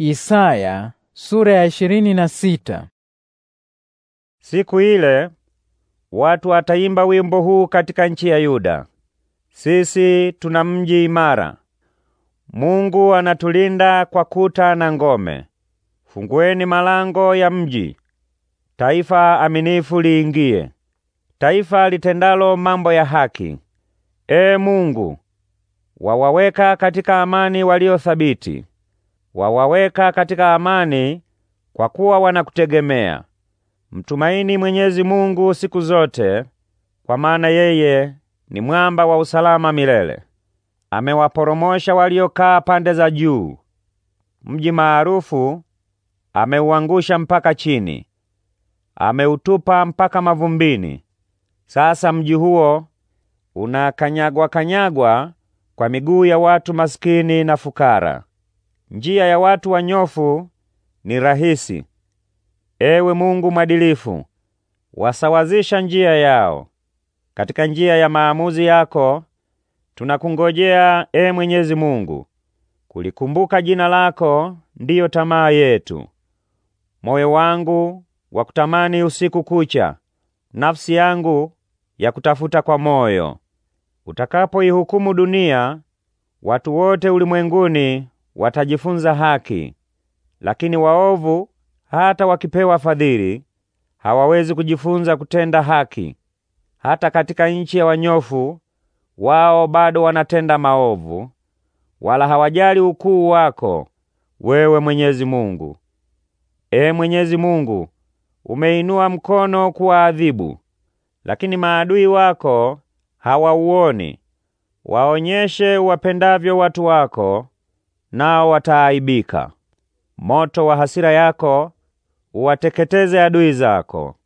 Isaya sura ya ishirini na sita. Siku ile watu wataimba wimbo huu katika nchi ya Yuda: sisi tuna mji imara, Mungu anatulinda kwa kuta na ngome. Fungueni malango ya mji, taifa aminifu liingie, taifa litendalo mambo ya haki. Ee Mungu, wawaweka katika amani walio thabiti wawaweka katika amani, kwa kuwa wanakutegemea. Mtumaini Mwenyezi Mungu siku zote, kwa maana yeye ni mwamba wa usalama milele. Amewaporomosha waliokaa pande za juu, mji maarufu ameuangusha mpaka chini, ameutupa mpaka mavumbini. Sasa mji huo unakanyagwa-kanyagwa kwa miguu ya watu maskini na fukara. Njia ya watu wanyofu ni rahisi. Ewe Mungu mwadilifu, wasawazisha njia yao. Katika njia ya maamuzi yako tunakungojea, e Mwenyezi Mungu. Kulikumbuka jina lako ndiyo tamaa yetu. Moyo wangu wakutamani usiku kucha, nafsi yangu ya kutafuta kwa moyo. Utakapoihukumu dunia, watu wote ulimwenguni watajifunza haki, lakini waovu hata wakipewa fadhili hawawezi kujifunza kutenda haki. Hata katika nchi ya wanyofu wao bado wanatenda maovu, wala hawajali ukuu wako wewe Mwenyezi Mungu. E Mwenyezi Mungu, umeinua mkono kuwaadhibu, lakini maadui wako hawauoni. Waonyeshe wapendavyo watu wako nao wataaibika. Moto wa hasira yako uwateketeze adui zako.